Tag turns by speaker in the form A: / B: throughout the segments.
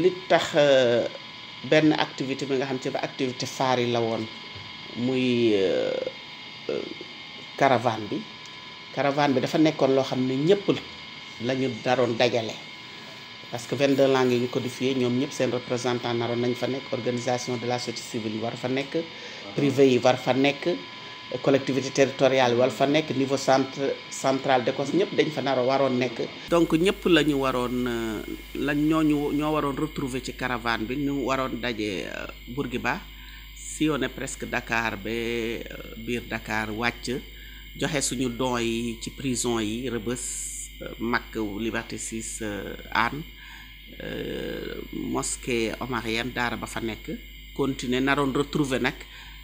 A: li tax euh, benn activité bi nga xam ci ba activité phare yi la woon muy euh, euh, caravane bi caravane bi dafa nekkoon loo xam ne ñëpp la ñu naroon dajale parce que de langues yi ñu codifié ñoom ñëpp seen représentant naroon nañ fa nekk organisation de la société civile yi war fa nekk ah. privé yi war fa nekk collectivité territoriale wala fa nekk niveau centre central d'Écosse ñëpp dañ fa nar waroon nekk. donc ñëpp la ñu waroon euh, lañ ñooñu ñoo waroon retrouver ci caravane bi ñu waroon daje euh, ba si sillonné presque dakaar ba biir Dakar wàcc joxe suñu don yi ci prison yi Rebeuss euh, Mack Liberté 6 Hann mosquée omarienne daara ba fa nekk continuer naroon retrouver nag.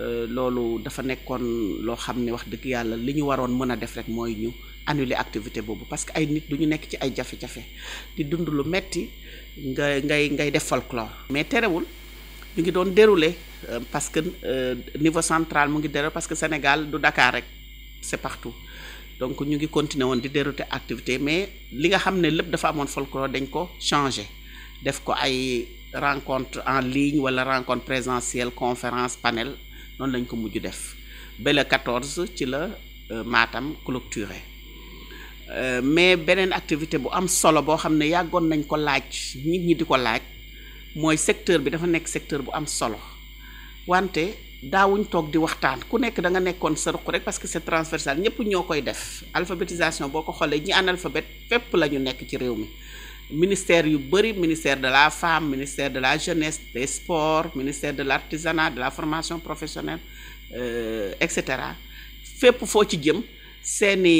A: Euh, loolu dafa nekkoon loo xam ne wax dëgg yàlla li ñu waroon mën a def rek mooy ñu annuler activité boobu parce que ay nit lu ñu nekk ci ay jafe-jafe di dund lu metti nga ngay ngay def folklore mais terewul ñu ngi doon dérouler euh, parce que euh, niveau central mu ngi déroulé parce que Sénégal du dakaar rek c'est partout donc ñu ngi continuer woon di dérouler activité mais li nga xam ne lépp dafa amoon folklore dañ ko changer def ko ay rencontre en ligne wala rencontre présentielle conférence panel noonu lañ ko mujj def ba le 14 ci la euh, Matam clôturé euh, mais beneen activité bu am solo boo xam ne yàggoon nañ ko laaj nit ñi di ko laaj mooy secteur bi dafa nekk secteur bu am solo wante daawuñ toog di waxtaan ku nekk da nga nekkoon sa ruq rek parce que c'est transversal ñëpp ñoo koy def alphabétisation boo ko xoolee ñi analphabète fépp la ñu nekk ci réew mi ministère yu bari ministère de la femme ministère de la jeunesse des sports ministère de l'artisanat de la formation professionnelle euh, etc. Fait fépp foo ci jëm ni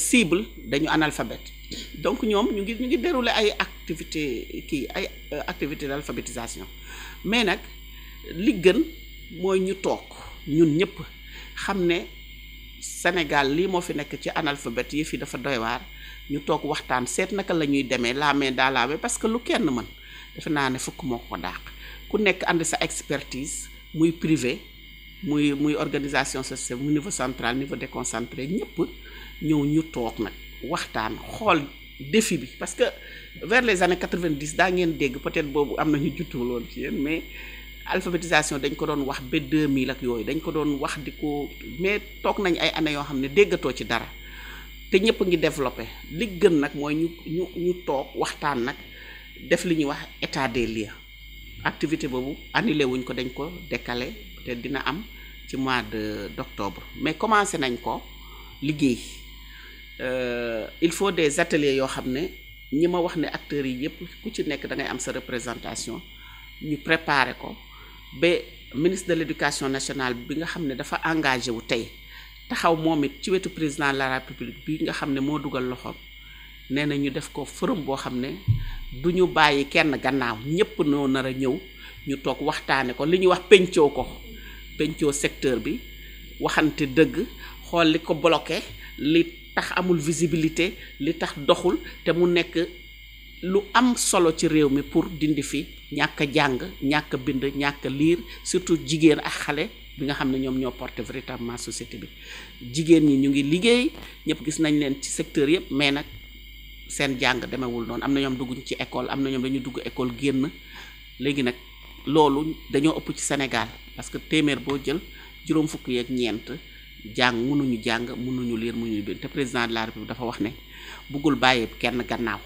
A: cible dañu analphabète donc nous ñu ngi ñu ngi déroulé ay euh, activité d'alphabétisation mais nag li gën mooy ñu toog ñun ñëpp xam Sénégal lii moo fi nekk ci analphabète yi fi dafa doy ñu toog waxtaan seet naka la ñuy demee la main dans la main parce que lu kenn man defe naa ne fukk moo ko daax ku nekk ànd sa expertise muy privé muy muy organisation sociale mu niveau central niveau déconcentré ñëpp ñëw ñu toog nag waxtaan xool défi bi parce que vers les années dix daa ngeen dégg peut-être boobu am na ñu juttuwul woon ci yéen mais alphabétisation dañ ko doon wax ba 2000 ak yooyu dañ ko doon wax di ko mais toog nañ ay années yoo xam ne déggatoo ci dara te ñëpp ngi développé li nag mooy ñu ñu ñu toog waxtaan nag def li ñuy wax état des lieux activité boobu annulé wuñ ko dañ ko décalé te dina am ci mois de d'octobre mais commencé nañ ko liggéey euh, il faut des ateliers yoo xam ne ñi ma wax ne acteurs yi yëpp ku ci nekk dangay am sa représentation ñu préparer ko ba ministre de l'éducation nationale bi nga xam ne dafa engagé wu tey taxaw moom it ci wetu président la république bi nga xam ne moo dugal loxoom nee na ñu def ko forum boo xam ne du ñu bàyyi kenn gannaaw ñépp noo nar a ñëw ñu toog waxtaane ko li ñuy wax pencoo ko pencoo secteur bi waxante dëgg xool li ko bloqué li tax amul visibilité li tax doxul te mu nekk lu am solo ci réew mi pour dindi fi ñàkk jàng ñàkk bind ñàkk liir surtout jigéen ak xale bi nga xam ne ñoom ñoo porté véritablement société bi jigéen ñi ñu ngi liggéey ñëpp gis nañ leen ci secteur yëpp mais nag seen jàng demewul noonu am na ñoom dugguñ ci école am na ñoom dañu dugg école génn léegi nag loolu dañoo ëpp ci Sénégal parce que téeméer boo jël juróom fukk yeeg ñeent jàng mënuñu jàng mënuñu lire mënuñu bind te président la république dafa wax ne bëggul bàyyi kenn gannaaw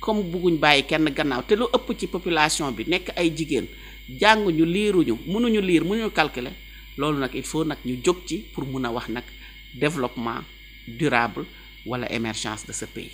A: comme bëgguñ bàyyi kenn gannaaw te lu ëpp ci population bi nekk ay jigéen jànguñu liiruñu mënuñu lire mënuñu calculer loolu nag il faut nag ñu jóg ci pour mun a wax nag développement durable wala émergence de sa pays